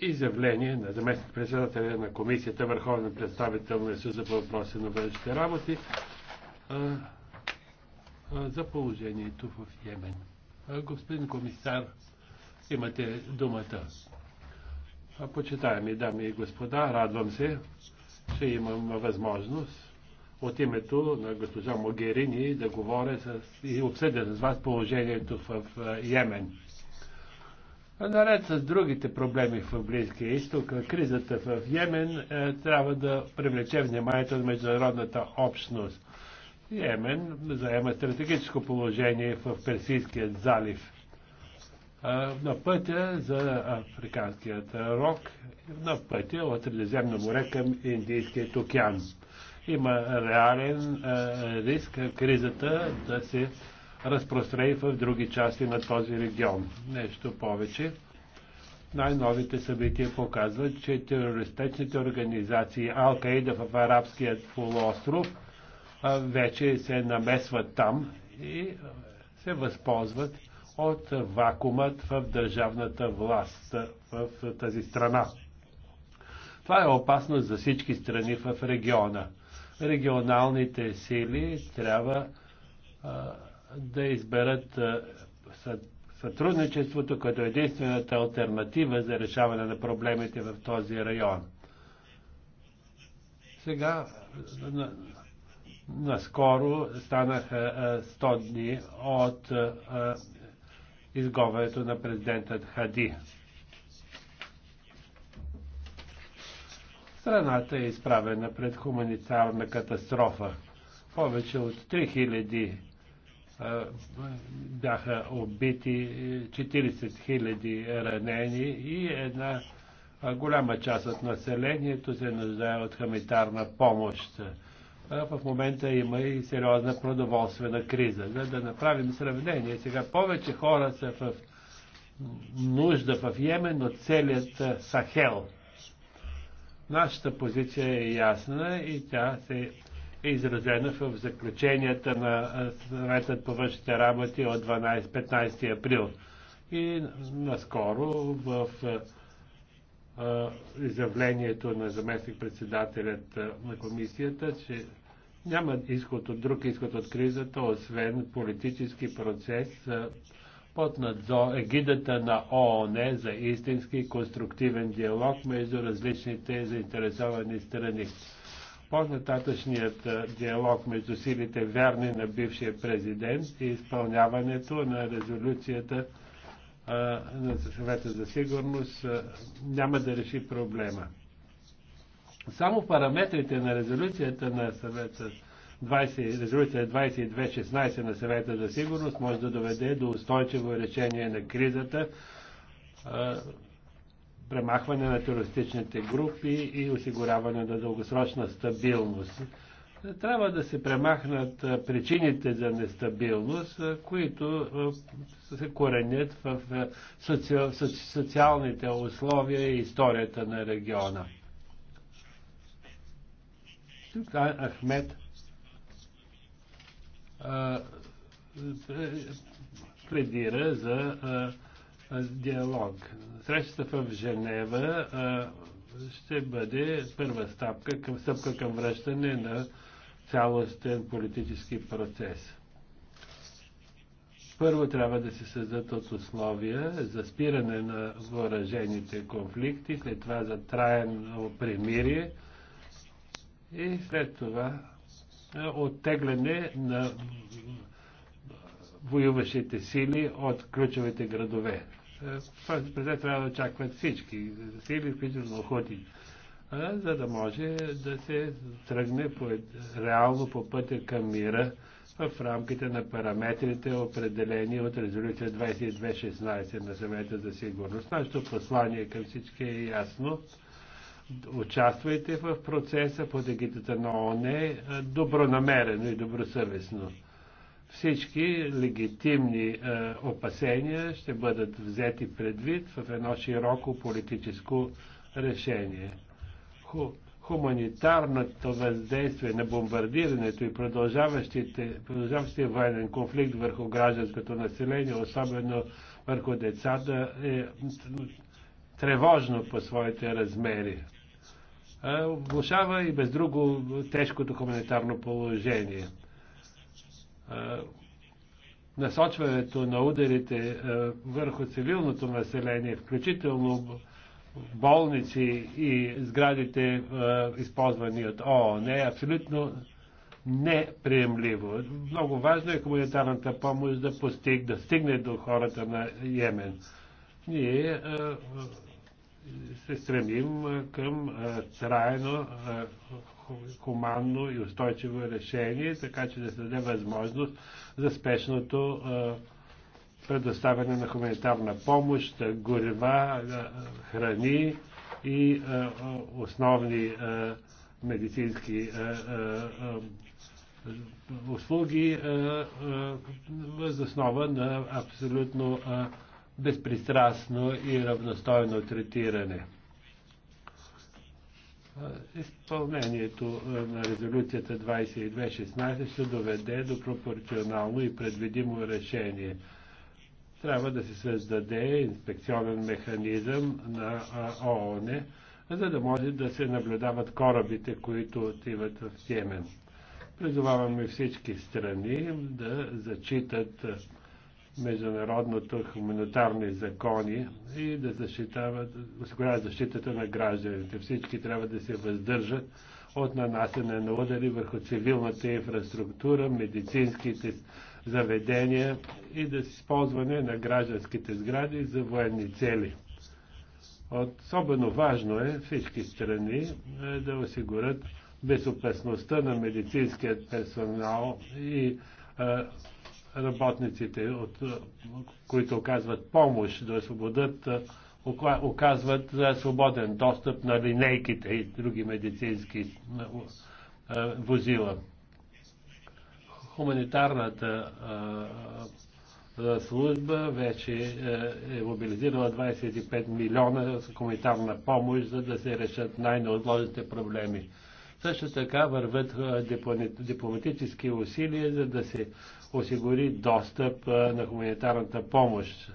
изявление на заместник председателя на комисията, върховен представител на Съюза по въпроси на външните работи а, а, за положението в Йемен. А, господин комисар, имате думата. А, почитаеми дами и господа, радвам се, че имам възможност от името на госпожа Могерини да говоря с, и обсъдя с вас положението в Йемен Наред с другите проблеми в Близкия изток, кризата в Йемен е, трябва да привлече вниманието на международната общност. Йемен заема стратегическо положение в Персийския залив. Е, на пътя за Африканският рок, на пътя от Средиземно море към Индийският океан. Има реален е, риск кризата да се разпространи в други части на този регион. Нещо повече. Най-новите събития показват, че терористичните организации Ал-Каида в арабският полуостров вече се намесват там и се възползват от вакуумът в държавната власт в тази страна. Това е опасно за всички страни в региона. Регионалните сили трябва а, да изберат сътрудничеството като единствената альтернатива за решаване на проблемите в този район. Сега, наскоро станаха 100 дни от изговарянето на президентът Хади. Страната е изправена пред хуманитарна катастрофа. Повече от 3000 бяха убити 40 е, хиляди ранени и една голяма част от населението се нуждае от хамитарна помощ. В момента има и сериозна продоволствена криза. За да направим сравнение, сега повече хора са в нужда в Йемен от целият Сахел. Нашата позиция е ясна и тя се е изразена в заключенията на съветът по външните работи от 12, 15 април. И наскоро в изявлението на заместник-председателят на комисията, че няма изход от друг изход от кризата, освен политически процес под надзор, егидата на ООН за истински конструктивен диалог между различните заинтересовани страни. По-нататъчният диалог между силите вярни на бившия президент и изпълняването на резолюцията на съвета за сигурност няма да реши проблема. Само параметрите на резолюцията на съвета 20, резолюция 2216 на съвета за сигурност може да доведе до устойчиво решение на кризата премахване на терористичните групи и осигуряване на дългосрочна стабилност. Трябва да се премахнат причините за нестабилност, които се коренят в социалните условия и историята на региона. Тук Ахмед е, е, пледира за диалог. Срещата в Женева ще бъде първа стъпка към, стъпка към връщане на цялостен политически процес. Първо трябва да се създадат от условия за спиране на въоръжените конфликти, след това за траен примирие и след това оттегляне на воюващите сили от ключовите градове. Те трябва да очакват всички сили, включително охоти, е, за да може да се тръгне по, реално по пътя към мира в рамките на параметрите, определени от резолюция 2216 на съвета за сигурност. Нашето послание към всички е ясно. Участвайте в процеса по дигитата на ОНЕ добронамерено и добросъвестно. Всички легитимни е, опасения ще бъдат взети предвид в едно широко политическо решение. Ху, хуманитарното въздействие на бомбардирането и продължаващия военен конфликт върху гражданското население, особено върху децата, е тревожно по своите размери. Е, влушава и без друго тежкото хуманитарно положение насочването на ударите върху цивилното население, включително болници и сградите, използвани от ООН, е абсолютно неприемливо. Много важно е хуманитарната помощ да, постиг, да стигне до хората на Йемен. Ние се стремим към трайно хуманно и устойчиво решение, така че да се даде възможност за спешното предоставяне на хуманитарна помощ, горива, храни и основни медицински услуги въз основа на абсолютно безпристрастно и равностойно третиране. Е, изпълнението е, на резолюцията 2216 ще доведе до пропорционално и предвидимо решение. Трябва да се създаде инспекционен механизъм на ООН, за да може да се наблюдават корабите, които отиват в Йемен. Призоваваме всички страни да зачитат международното хуманитарни закони и да защитават, осигуряват защитата на гражданите. Всички трябва да се въздържат от нанасене на удари върху цивилната инфраструктура, медицинските заведения и да използване на гражданските сгради за военни цели. Особено важно е всички страни е, да осигурят безопасността на медицинският персонал и е, работниците, от, които оказват помощ, да освободят, оказват е, свободен достъп на линейките и други медицински е, возила. Хуманитарната е, служба вече е мобилизирала 25 милиона с хуманитарна помощ, за да се решат най-неотложните проблеми. Също така върват дипломатически усилия, за да се осигури достъп на хуманитарната помощ.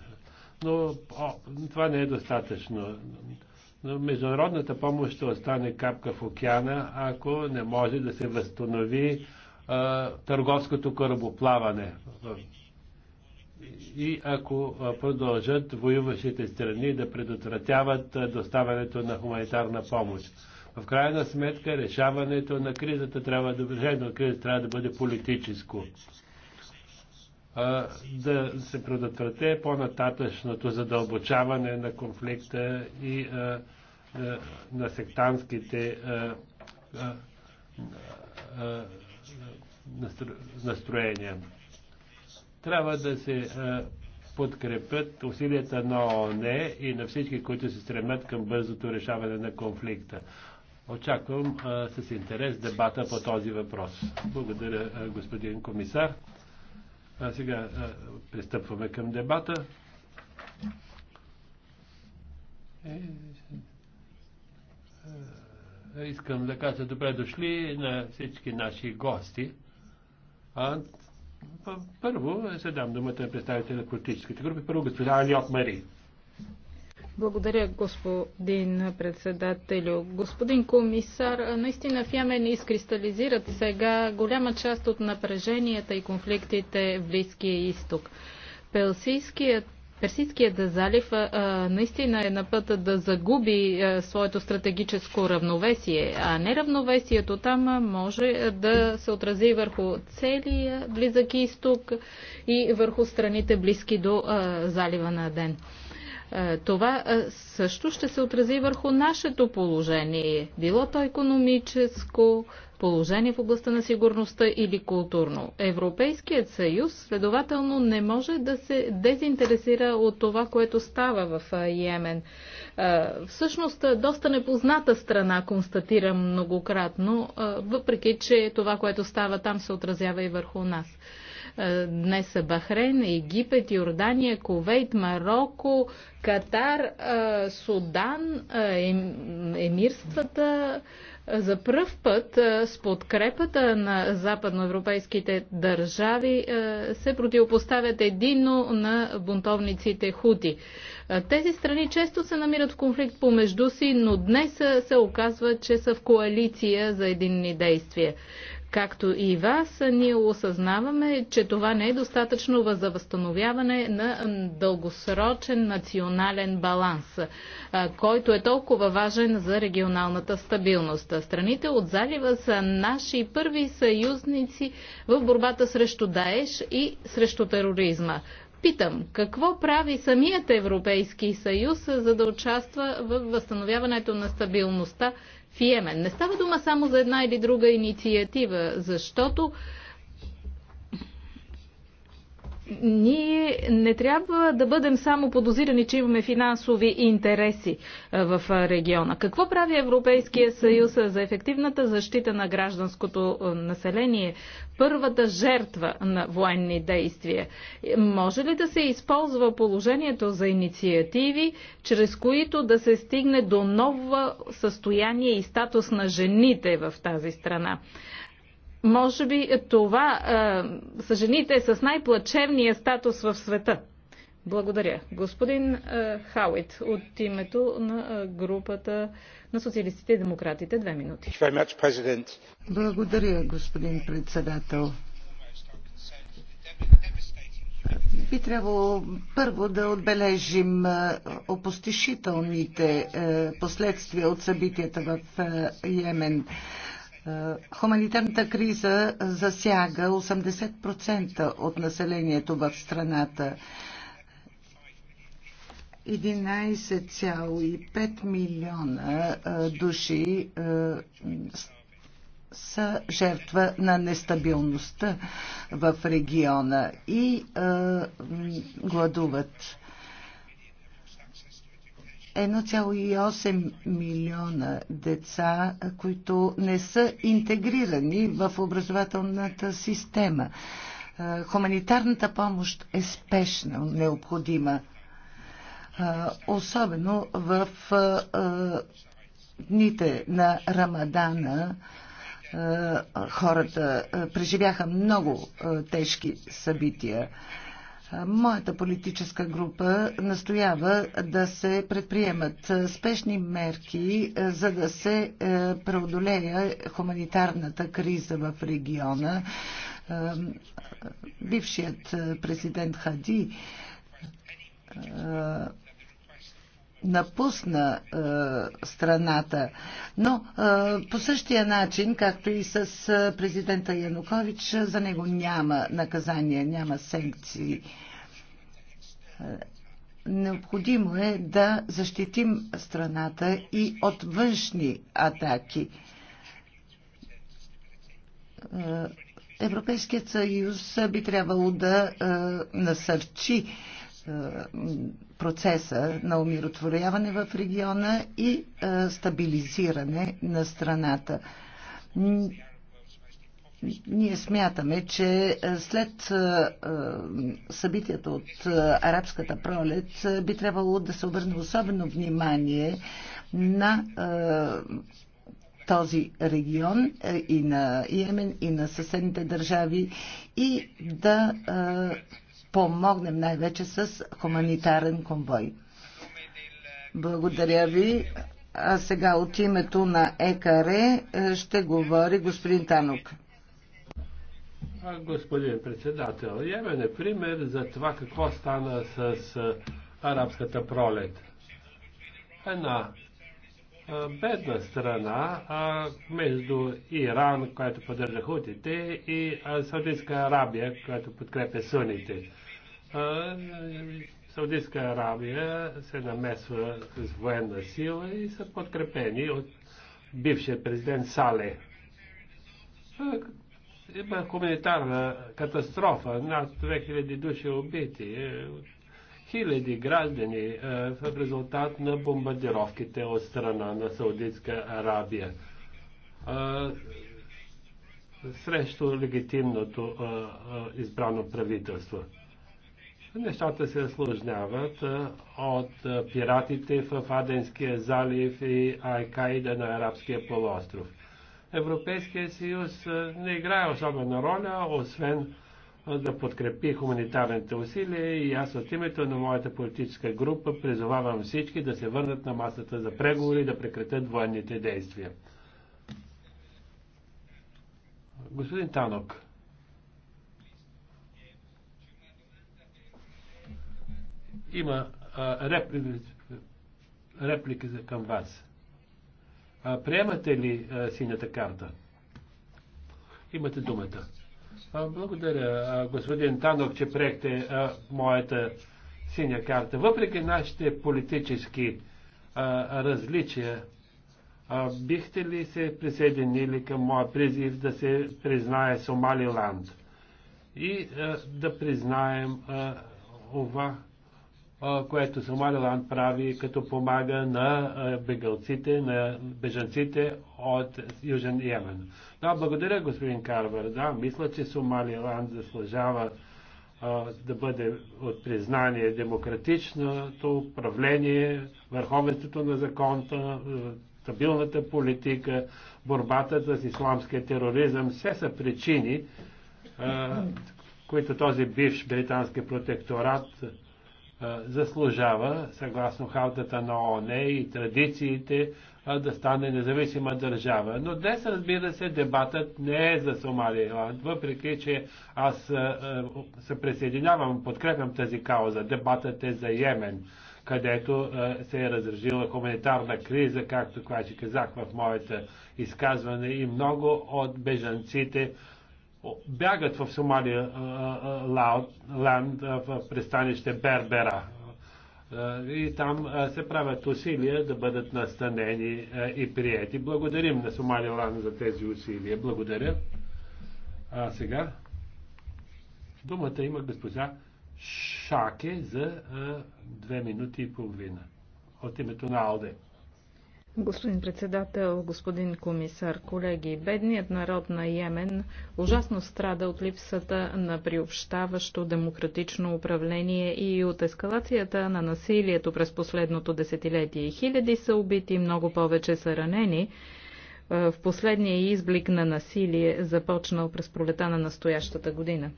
Но о, това не е достатъчно. Но международната помощ ще остане капка в океана, ако не може да се възстанови а, търговското корабоплаване. И ако продължат воюващите страни да предотвратяват доставането на хуманитарна помощ. В крайна сметка решаването на кризата трябва да, решението на кризата трябва да бъде политическо да се предотврате по-нататъчното задълбочаване на конфликта и на сектантските настроения. Трябва да се подкрепят усилията на ООН и на всички, които се стремят към бързото решаване на конфликта. Очаквам а, с интерес дебата по този въпрос. Благодаря, господин комисар. А сега а, пристъпваме към дебата. Е, а, е, искам да кажа добре дошли на всички наши гости. А, първо се дам думата на представителя на политическите групи. Първо госпожа Алиот Мари. Благодаря, господин председател. Господин комисар, наистина в Ямен изкристализират сега голяма част от напреженията и конфликтите в Близкия изток. Персийският Персидският залив а, наистина е на път да загуби а, своето стратегическо равновесие, а неравновесието там а, може да се отрази върху целия Близък изток и върху страните близки до а, залива на Ден. Е, това е, също ще се отрази върху нашето положение, било то економическо, положение в областта на сигурността или културно. Европейският съюз следователно не може да се дезинтересира от това, което става в е, Йемен. Всъщност, доста непозната страна, констатирам многократно, въпреки че това, което става там, се отразява и върху нас. Е, днес са Бахрейн, Египет, Йордания, Ковейт, Марокко, Катар, е, Судан, е, емирствата. За пръв път с подкрепата на западноевропейските държави се противопоставят единно на бунтовниците хути. Тези страни често се намират в конфликт помежду си, но днес се оказва, че са в коалиция за единни действия. Както и вас, ние осъзнаваме, че това не е достатъчно за възстановяване на дългосрочен национален баланс, който е толкова важен за регионалната стабилност. Страните от залива са наши първи съюзници в борбата срещу Даеш и срещу тероризма. Питам, какво прави самият Европейски съюз, за да участва в възстановяването на стабилността в Йемен. Не става дума само за една или друга инициатива, защото ние не трябва да бъдем само подозирани, че имаме финансови интереси в региона. Какво прави Европейския съюз за ефективната защита на гражданското население? Първата жертва на военни действия. Може ли да се използва положението за инициативи, чрез които да се стигне до ново състояние и статус на жените в тази страна? Може би това а, е, са жените с най-плачевния статус в света. Благодаря. Господин а, е, Хауит, от името на а, е, групата на социалистите и демократите, две минути. Благодаря, господин председател. Би трябвало първо да отбележим опустишителните последствия от събитията в Йемен. Е, хуманитарната криза засяга 80% от населението в страната. 11,5 милиона е, души е, са жертва на нестабилността в региона и гладуват. 1,8 милиона деца, които не са интегрирани в образователната система. Хуманитарната помощ е спешна, необходима, особено в дните на Рамадана, хората преживяха много тежки събития. Моята политическа група настоява да се предприемат спешни мерки, е, за да се е, преодолее хуманитарната криза в региона. Е, бившият президент Хади напусна е, страната. Но е, по същия начин, както и с е, президента Янукович, за него няма наказания, няма санкции. Е, необходимо е да защитим страната и от външни атаки. Е, Европейският съюз би трябвало да насърчи процеса на умиротворяване в региона и е, стабилизиране на страната. Ние смятаме, че е, след е, събитията от арабската пролет би трябвало да се обърне особено внимание на този регион и на Йемен, и на съседните държави и да помогнем най-вече с хуманитарен конвой. Благодаря ви. А сега от името на ЕКАРЕ ще говори господин Танок. Господин председател, ямен е пример за това какво стана с арабската пролет. Една бедна страна а, между Иран, която поддържа хутите, и Саудитска Арабия, която подкрепя суните. Саудитска Арабия се намесва с военна сила и са подкрепени от бившия президент Сале. Има хуманитарна катастрофа, над 2000 души убити, хиляди граждани в резултат на бомбардировките от страна на Саудитска Арабия срещу легитимното избрано правителство. Нещата се осложняват от пиратите в Аденския залив и Айкаида на Арабския полуостров. Европейския съюз не играе особена роля, освен да подкрепи хуманитарните усилия и аз от името на моята политическа група призовавам всички да се върнат на масата за преговори и да прекратят военните действия. Господин Танок. Има а, реплики, реплики към вас. А, приемате ли а, синята карта? Имате думата. А, благодаря, а, господин Танок, че приехте а, моята синя карта. Въпреки нашите политически а, различия, а, бихте ли се присъединили към моя призив да се признае Сомалиланд и а, да признаем а, това, което Сомалиланд прави, като помага на бегалците, на бежанците от Южен Йемен. Да, благодаря, господин Карвер. Да, мисля, че Сомалиланд заслужава да бъде от признание демократичното управление, върховенството на законта, стабилната политика, борбата с исламския тероризъм. Все са причини, които този бивш британски протекторат заслужава, съгласно халтата на ООН и традициите, да стане независима държава. Но днес, разбира се, дебатът не е за Сомалия, въпреки че аз се присъединявам, подкрепям тази кауза. Дебатът е за Йемен, където се е разрежила хуманитарна криза, както казах в моята изказване, и много от бежанците бягат в Сомалия ланд в пристанище Бербера. И там се правят усилия да бъдат настанени и приети. Благодарим на Сомалия ланд за тези усилия. Благодаря. А сега думата има госпожа Шаке за две минути и половина от името на Алде. Господин председател, господин комисар, колеги, бедният народ на Йемен ужасно страда от липсата на приобщаващо демократично управление и от ескалацията на насилието през последното десетилетие. Хиляди са убити, много повече са ранени е, в последния изблик на насилие, започнал през пролета на настоящата година.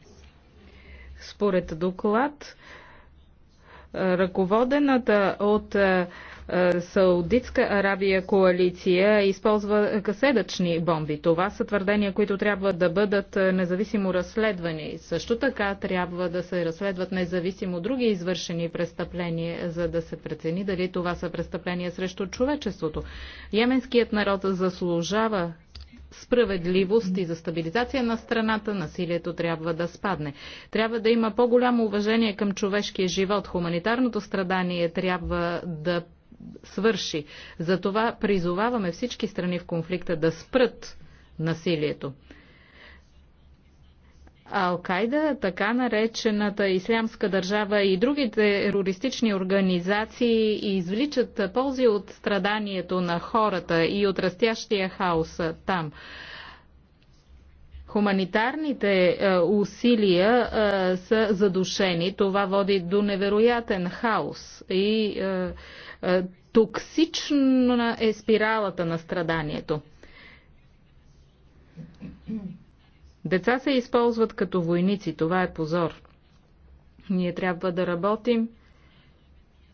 Според доклад, ръководената от е, е, Саудитска Арабия коалиция използва каседъчни бомби. Това са твърдения, които трябва да бъдат е, независимо разследвани. Също така трябва да се разследват независимо други извършени престъпления, за да се прецени дали това са престъпления срещу човечеството. Йеменският народ заслужава справедливост и за стабилизация на страната насилието трябва да спадне. Трябва да има по-голямо уважение към човешкия живот. Хуманитарното страдание трябва да свърши. Затова призоваваме всички страни в конфликта да спрат насилието. Алкайда, така наречената Ислямска държава и другите терористични организации извличат ползи от страданието на хората и от растящия хаос там. Хуманитарните е, усилия е, са задушени. Това води до невероятен хаос и е, е, токсична е спиралата на страданието. Деца се използват като войници. Това е позор. Ние трябва да работим,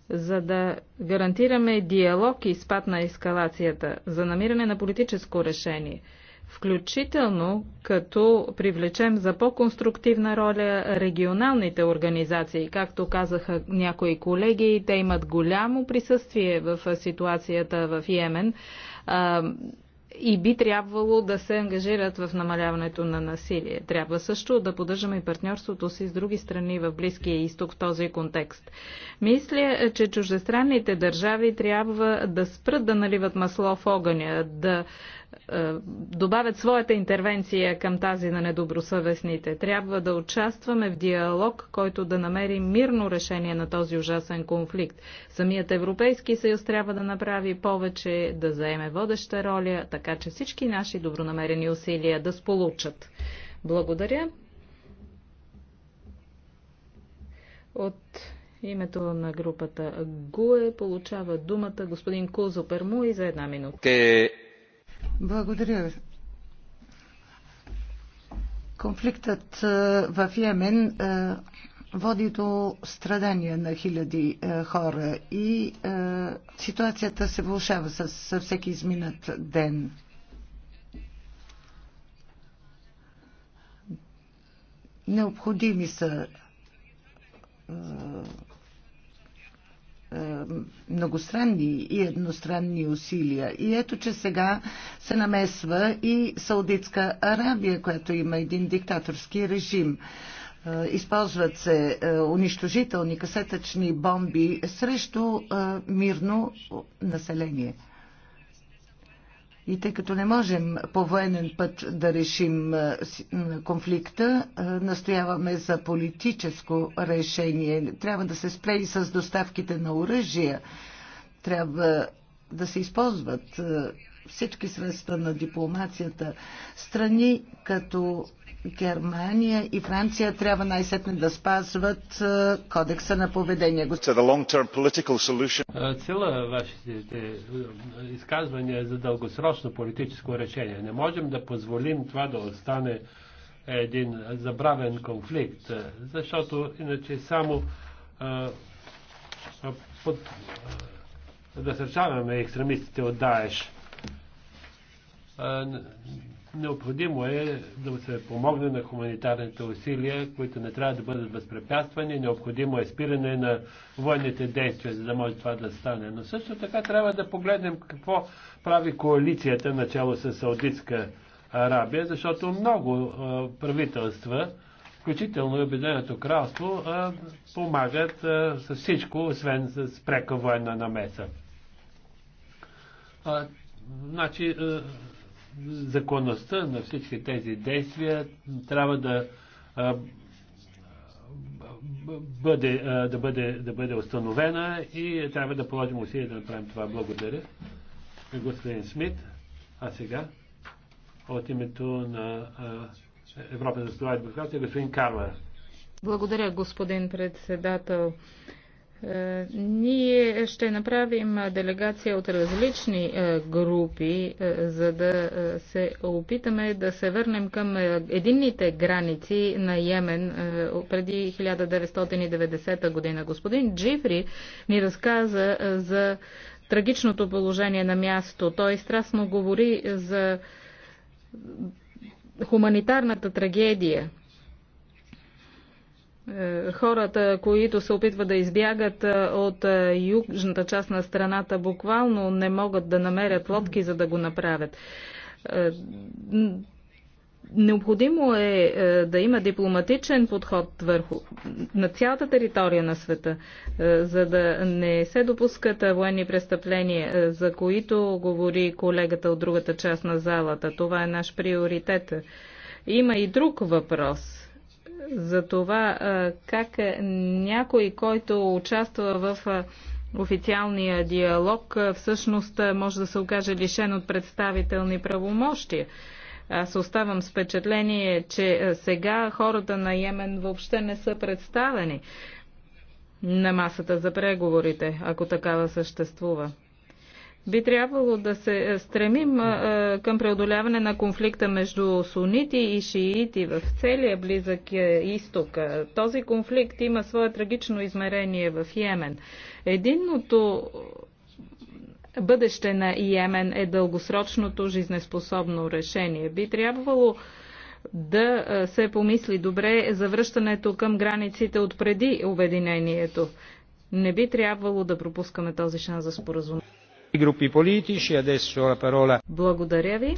за да гарантираме диалог и спад на ескалацията, за намиране на политическо решение – включително като привлечем за по-конструктивна роля регионалните организации. Както казаха някои колеги, те имат голямо присъствие в ситуацията в Йемен и би трябвало да се ангажират в намаляването на насилие. Трябва също да поддържаме и партньорството си с други страни в Близкия изток в този контекст. Мисля, че чуждестранните държави трябва да спрат да наливат масло в огъня, да е, добавят своята интервенция към тази на недобросъвестните. Трябва да участваме в диалог, който да намери мирно решение на този ужасен конфликт. Самият Европейски съюз трябва да направи повече, да заеме водеща роля, така че всички наши добронамерени усилия да сполучат. Благодаря. От името на групата ГУЕ получава думата господин Кузо Перму и за една минута. Благодаря. ви. Конфликтът е, в Йемен е, води до страдания на хиляди е, хора и ситуацията се влушава с всеки изминат ден. Необходими са многостранни и едностранни усилия. И ето, че сега се намесва и Саудитска Арабия, която има един диктаторски режим. Е, използват се е, унищожителни касетъчни бомби срещу е, мирно население. И тъй като не можем по военен път да решим конфликта, настояваме за политическо решение. Трябва да се спре и с доставките на оръжия. Трябва да се използват всички средства на дипломацията. Страни като Германия и Франция трябва най-сетне да спазват е, кодекса на поведение. Е, цела вашите е, изказвания за дългосрочно политическо решение. Не можем да позволим това да остане един забравен конфликт, защото иначе само под, да срещаваме екстремистите от Даеш. Необходимо е да се помогне на хуманитарните усилия, които не трябва да бъдат възпрепятствани. Необходимо е спиране на военните действия, за да може това да стане. Но също така трябва да погледнем какво прави коалицията, начало с Саудитска Арабия, защото много правителства, включително и Обединеното кралство, помагат с всичко, освен с прека военна намеса. Значи, законността на всички тези действия трябва да бъде, да бъде, да бъде установена и трябва да положим усилия да направим това. Благодаря. Господин Смит, а сега от името на Европа за свобода и демокрация, господин Карвар. Благодаря, господин председател. Е, ние ще направим делегация от различни е, групи, е, за да се опитаме да се върнем към единните граници на Йемен преди 1990 година. Господин Джифри ни разказа за трагичното положение на място. Той страстно говори за хуманитарната трагедия е, хората, които се опитват да избягат е, от е, южната част на страната, буквално не могат да намерят лодки, за да го направят. Необходимо е да има дипломатичен подход върху на цялата територия на света, за да не се допускат военни престъпления, за които говори колегата от другата част на залата. Това е наш приоритет. Има и друг въпрос за това как е някой, който участва в официалния диалог, всъщност може да се окаже лишен от представителни правомощия. Аз оставам с впечатление, че сега хората на Йемен въобще не са представени на масата за преговорите, ако такава съществува. Би трябвало да се е, стремим е, е, към преодоляване на конфликта между сунити и шиити в целия близък изток. Този конфликт има свое трагично измерение в Йемен. Единното бъдеще на Йемен е дългосрочното жизнеспособно решение. Би трябвало да се помисли добре за връщането към границите от преди обединението. Не би трябвало да пропускаме този шанс за споразумение. Благодаря ви.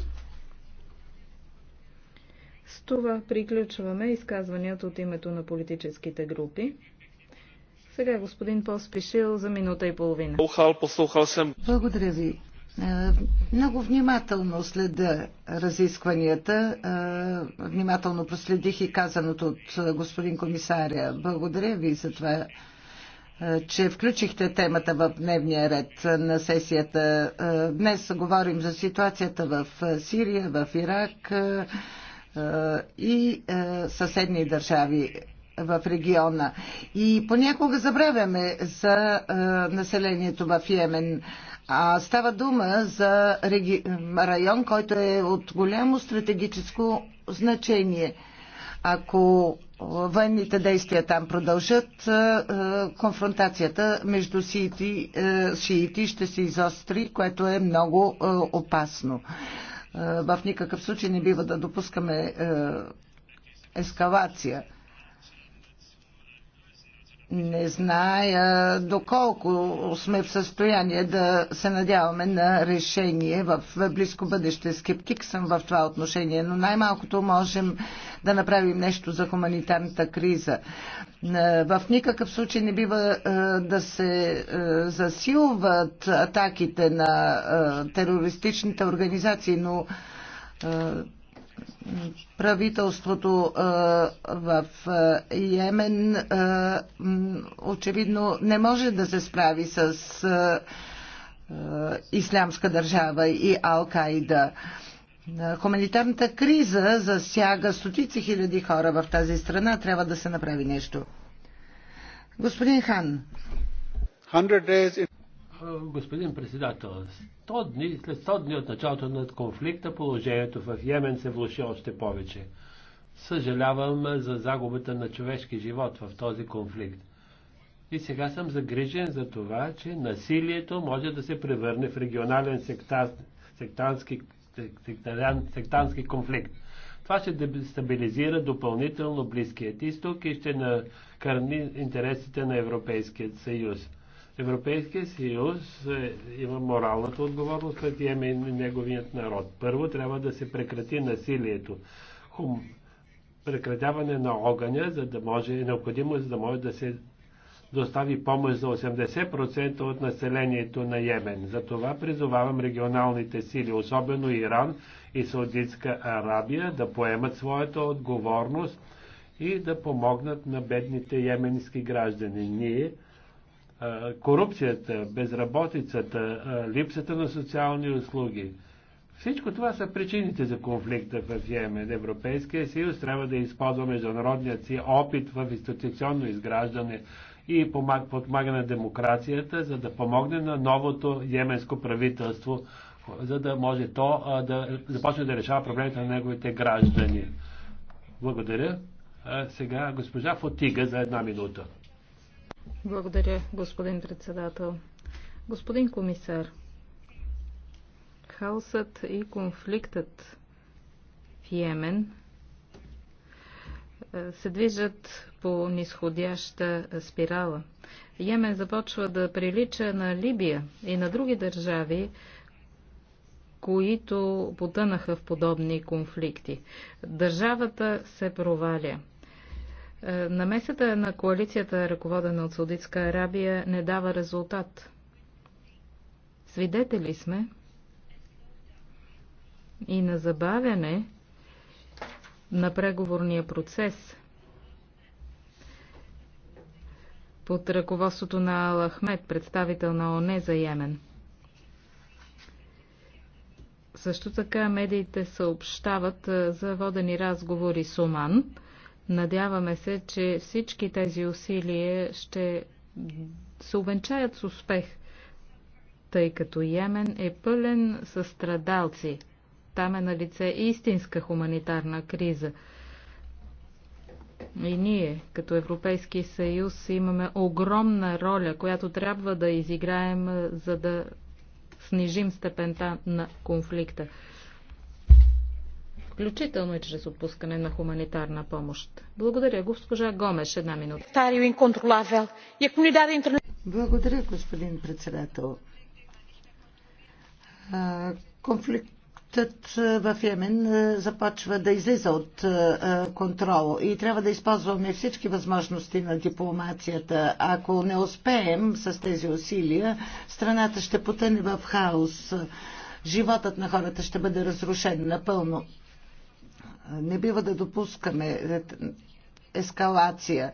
С това приключваме изказванията от името на политическите групи. Сега господин Поспишил за минута и половина. Благодаря ви. Е, много внимателно следа разискванията. Е, внимателно проследих и казаното от е, господин комисаря. Благодаря ви за това е, че включихте темата в дневния ред на сесията. Е, днес говорим за ситуацията в е, Сирия, в Ирак и съседни държави в региона. И понякога забравяме за населението в Йемен. А става дума за район, който е от голямо стратегическо значение – ако военните действия там продължат, е, е, конфронтацията между сиити, е, шиити ще се изостри, което е много опасно. В никакъв случай не бива да допускаме ескалация. Не зная доколко сме в състояние да се надяваме на решение в близко бъдеще. Скептик съм в това отношение, но най-малкото можем да направим нещо за хуманитарната криза. В никакъв случай не бива е, да се е, засилват атаките на е, терористичните организации, но правителството е, в е, Йемен е, очевидно не може да се справи с Ислямска държава и Ал-Каида. Хуманитарната криза засяга стотици хиляди хора в тази страна. Трябва да се направи нещо. Господин Хан господин председател, 100 дни, след 100 дни от началото на конфликта положението в Йемен се влуши още повече. Съжалявам за загубата на човешки живот в този конфликт. И сега съм загрижен за това, че насилието може да се превърне в регионален сектар, сектантски, сектарян, сектантски конфликт. Това ще дестабилизира допълнително Близкият изток и ще накърни интересите на Европейският съюз. Европейския съюз е, има моралната отговорност пред Йемен и неговият народ. Първо трябва да се прекрати насилието. Хум, прекратяване на огъня, за да може, е необходимо, за да може да се достави помощ за 80% от населението на Йемен. Затова призовавам регионалните сили, особено Иран и Саудитска Арабия, да поемат своята отговорност и да помогнат на бедните йеменски граждани. Ние, корупцията, безработицата, липсата на социални услуги. Всичко това са причините за конфликта в Йемен. Европейския съюз трябва да използва международният си опит в институционно изграждане и подмага на демокрацията, за да помогне на новото йеменско правителство, за да може то да започне да решава проблемите на неговите граждани. Благодаря. сега госпожа Фотига за една минута. Благодаря, господин председател. Господин комисар, хаосът и конфликтът в Йемен е, се движат по нисходяща спирала. Йемен започва да прилича на Либия и на други държави, които потънаха в подобни конфликти. Държавата се проваля. Е, намесата на коалицията, ръководена от Саудитска Арабия, не дава резултат. Свидетели сме и на забавяне на преговорния процес под ръководството на Ал Ахмед, представител на ОНЕ за Йемен. Също така медиите съобщават е, за водени разговори с Оман – Надяваме се, че всички тези усилия ще се увенчаят с успех, тъй като Йемен е пълен със страдалци. Там е на лице истинска хуманитарна криза. И ние, като Европейски съюз, имаме огромна роля, която трябва да изиграем, за да снижим степента на конфликта включително и чрез отпускане на хуманитарна помощ. Благодаря, госпожа Гомеш, една минута. Благодаря, господин председател. конфликтът в Йемен започва да излиза от контрол и трябва да използваме всички възможности на дипломацията. Ако не успеем с тези усилия, страната ще потъне в хаос. Животът на хората ще бъде разрушен напълно. Не бива да допускаме ескалация.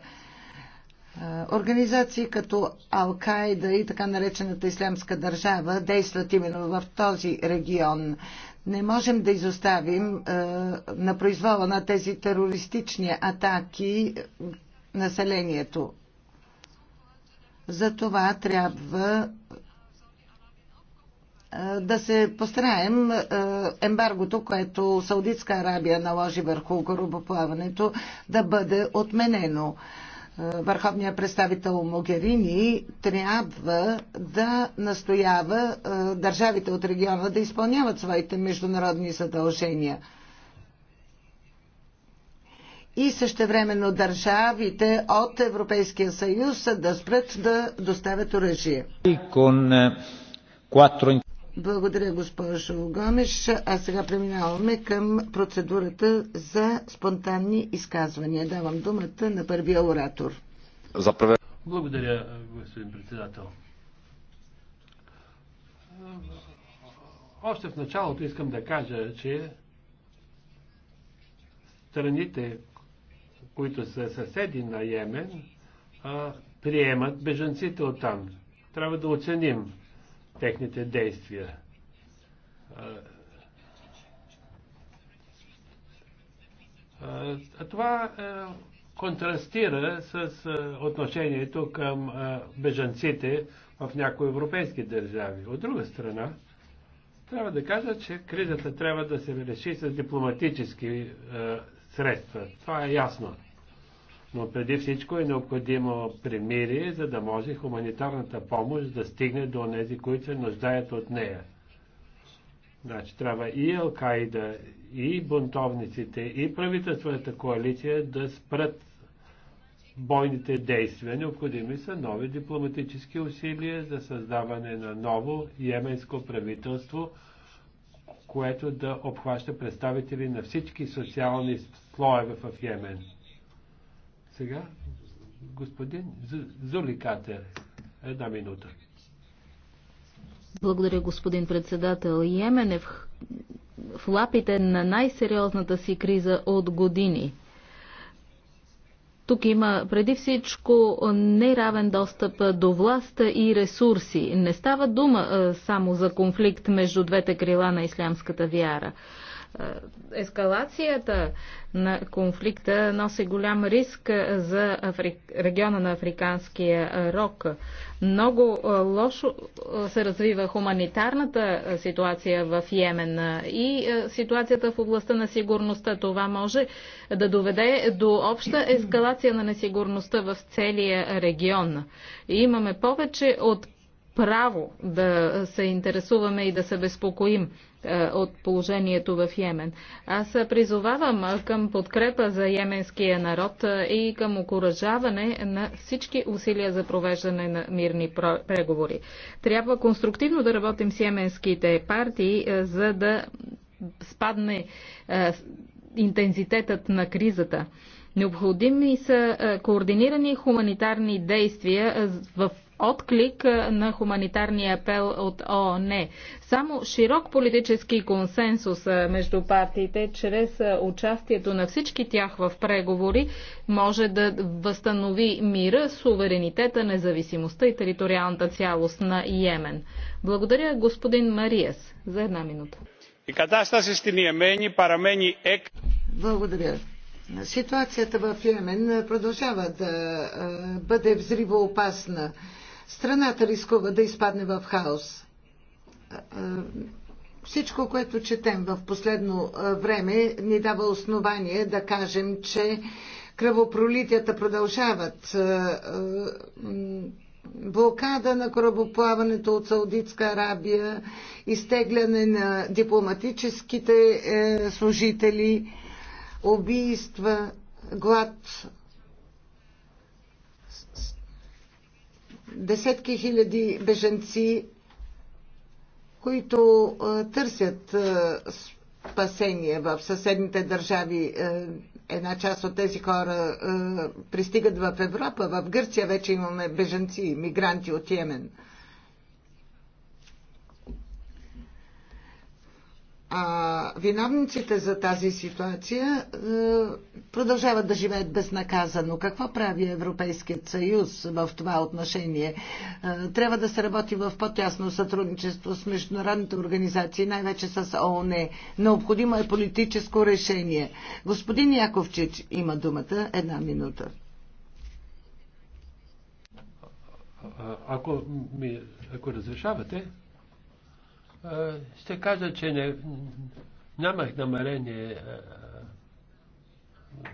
Организации като Ал-Каида и така наречената Ислямска държава действат именно в този регион. Не можем да изоставим е, на произвола на тези терористични атаки е, населението. За това трябва да се постараем ембаргото, което Саудитска Арабия наложи върху корабоплаването, да бъде отменено. Върховният представител Могерини трябва да настоява държавите от региона да изпълняват своите международни задължения и същевременно държавите от Европейския съюз да спрат да доставят оръжие. Благодаря, госпожо Гомеш. А сега преминаваме към процедурата за спонтанни изказвания. Давам думата на първия оратор. За Благодаря, господин председател. Още в началото искам да кажа, че страните, които са съседи на Йемен, приемат бежанците от там. Трябва да оценим техните действия. А това е, контрастира с е, отношението към е, бежанците в някои европейски държави. От друга страна, трябва да кажа, че кризата трябва да се реши с дипломатически средства. Това е ясно. Но преди всичко е необходимо примирие, за да може хуманитарната помощ да стигне до тези, които се нуждаят от нея. Значи трябва и Алкаида, и бунтовниците, и правителствената коалиция да спрат бойните действия. Необходими са нови дипломатически усилия за създаване на ново йеменско правителство, което да обхваща представители на всички социални слоеве в Йемен. Сега господин Зуликатер. Една минута. Благодаря, господин председател. Йемен е в, в лапите на най-сериозната си криза от години. Тук има преди всичко неравен достъп до власт и ресурси. Не става дума само за конфликт между двете крила на ислямската вяра. Е, ескалацията на конфликта носи голям риск за Афри... региона на Африканския рок. Много е, лошо е, се развива хуманитарната ситуация в Йемен и ситуацията в областта на сигурността. Това може да доведе до обща ескалация на несигурността в целия регион. И имаме повече от право да се интересуваме и да се безпокоим е, от положението в Йемен. Аз призовавам е, към подкрепа за йеменския народ е, и към окоръжаване на всички усилия за провеждане на мирни преговори. Трябва конструктивно да работим с йеменските партии, за да спадне интензитетът на кризата. Необходими са координирани хуманитарни действия в отклик на хуманитарния апел от ООН. Само широк политически консенсус между партиите, чрез участието на всички тях в преговори, може да възстанови мира, суверенитета, независимостта и териториалната цялост на Йемен. Благодаря господин Мариес за една минута. Благодаря. Ситуацията в Йемен продължава да бъде взривоопасна страната рискува да изпадне в хаос. Е, всичко, което четем в последно е, време, ни дава основание да кажем, че кръвопролитията продължават. Е, блокада на корабоплаването от Саудитска Арабия, изтегляне на дипломатическите служители, убийства, глад, десетки хиляди беженци, които търсят спасение в съседните държави. Една част от тези хора пристигат в Европа. В Гърция вече имаме беженци, мигранти от Йемен. А виновниците за тази ситуация е, продължават да живеят безнаказано. Какво прави Европейският съюз в това отношение? Е, трябва да се работи в по-тясно сътрудничество с международните организации, най-вече с ООН. Необходимо е политическо решение. Господин Яковчич има думата. Една минута. А, ако, ми, ако разрешавате, ще кажа, че не, нямах намерение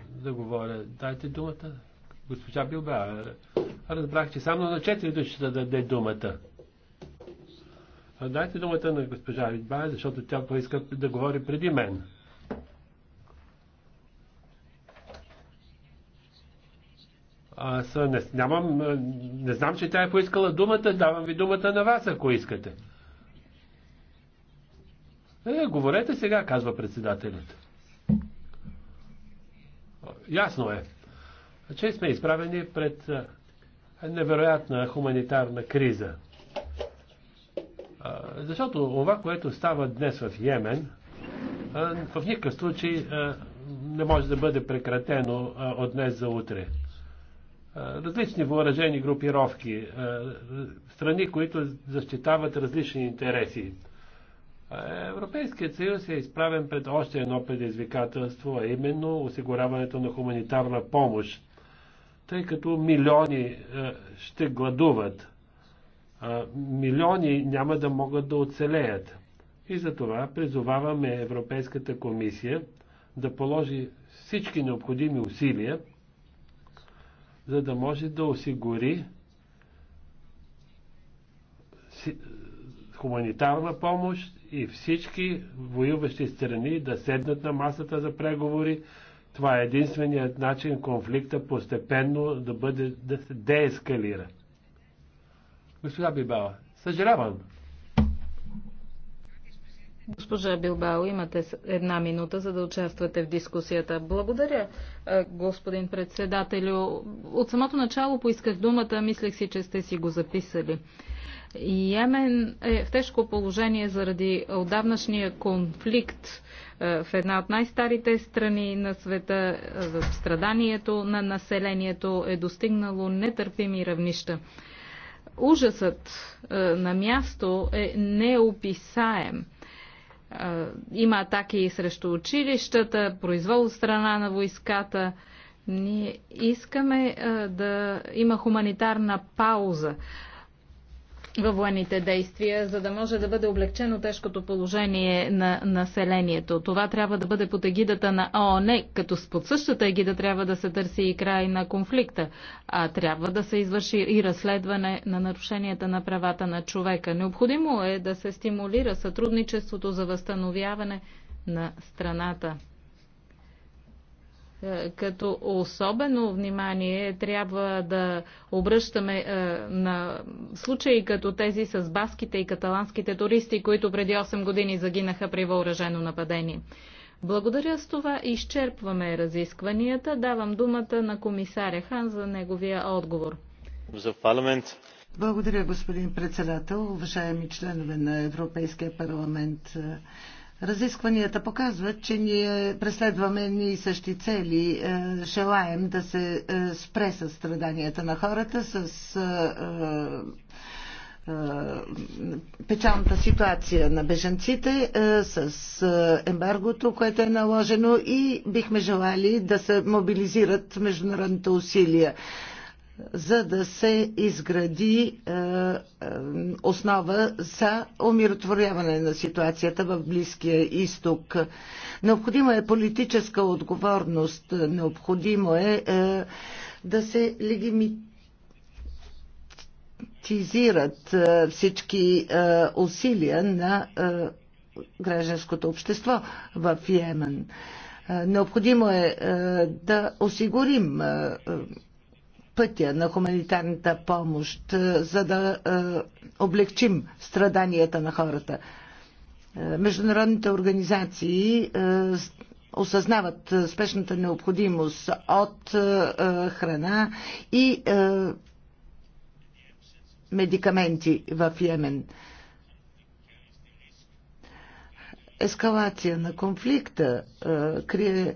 да говоря. Дайте думата. Госпожа Билба, разбрах, че само на четири души ще даде думата. Дайте думата на госпожа Билба, защото тя поиска да говори преди мен. Аз не, нямам, не знам, че тя е поискала думата. Давам ви думата на вас, ако искате. Е, говорете сега, казва председателят. Ясно е, че сме изправени пред невероятна хуманитарна криза. Защото това, което става днес в Йемен, в никакъв случай не може да бъде прекратено от днес за утре. Различни въоръжени групировки, страни, които защитават различни интереси. Е, Европейският съюз е изправен пред още едно предизвикателство, а именно осигуряването на хуманитарна помощ, тъй като милиони е, ще гладуват, е, милиони няма да могат да оцелеят. И за това призоваваме Европейската комисия да положи всички необходими усилия, за да може да осигури хуманитарна помощ и всички воюващи страни да седнат на масата за преговори. Това е единственият начин конфликта постепенно да бъде, да се деескалира. Господа Бибала, съжалявам. Госпожа Билбао, имате една минута, за да участвате в дискусията. Благодаря, господин председателю. От самото начало поисках думата, мислех си, че сте си го записали. Йемен е в тежко положение заради отдавнашния конфликт е, в една от най-старите страни на света. Е, страданието на населението е достигнало нетърпими равнища. Ужасът е, на място е неописаем има атаки срещу училищата, произвол от страна на войската. Ние искаме да има хуманитарна пауза във военните действия, за да може да бъде облегчено тежкото положение на населението. Това трябва да бъде под егидата на ООН, като под същата егида трябва да се търси и край на конфликта, а трябва да се извърши и разследване на нарушенията на правата на човека. Необходимо е да се стимулира сътрудничеството за възстановяване на страната. Е, като особено внимание трябва да обръщаме е, на случаи като тези с баските и каталанските туристи, които преди 8 години загинаха при въоръжено нападение. Благодаря с това изчерпваме разискванията. Давам думата на комисаря Хан за неговия отговор. За парламент. Благодаря, господин председател, уважаеми членове на Европейския парламент. Разискванията показват, че ние преследваме ни същи цели. Е, желаем да се е, спре с страданията на хората, с е, печалната ситуация на беженците с ембаргото, което е наложено и бихме желали да се мобилизират международните усилия за да се изгради е, е, основа за умиротворяване на ситуацията в Близкия изток. Необходима е политическа отговорност, необходимо е, е да се легимитизират е, всички е, усилия на е, гражданското общество в Йемен. Е, необходимо е, е да осигурим пътя на хуманитарната помощ, е, за да е, облегчим страданията на хората. Е, международните организации осъзнават спешната необходимост от храна и медикаменти в Йемен. Ескалация на конфликта крие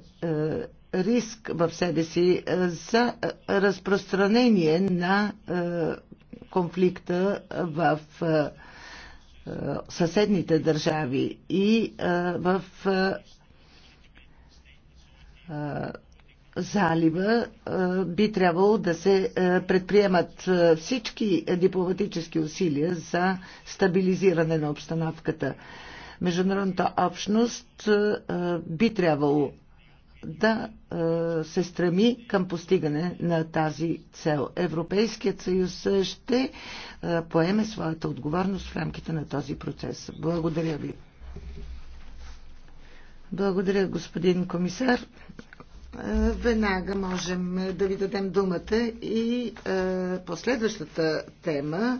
риск в себе си е, за е, разпространение на е, конфликта в съседните държави и в залива би трябвало да се предприемат всички дипломатически усилия за стабилизиране на обстановката. Международната общност би трябвало да е, се стреми към постигане на тази цел. Европейският съюз ще е, поеме своята отговорност в рамките на този процес. Благодаря ви. Благодаря, господин комисар. Е, веднага можем да ви дадем думата и последващата тема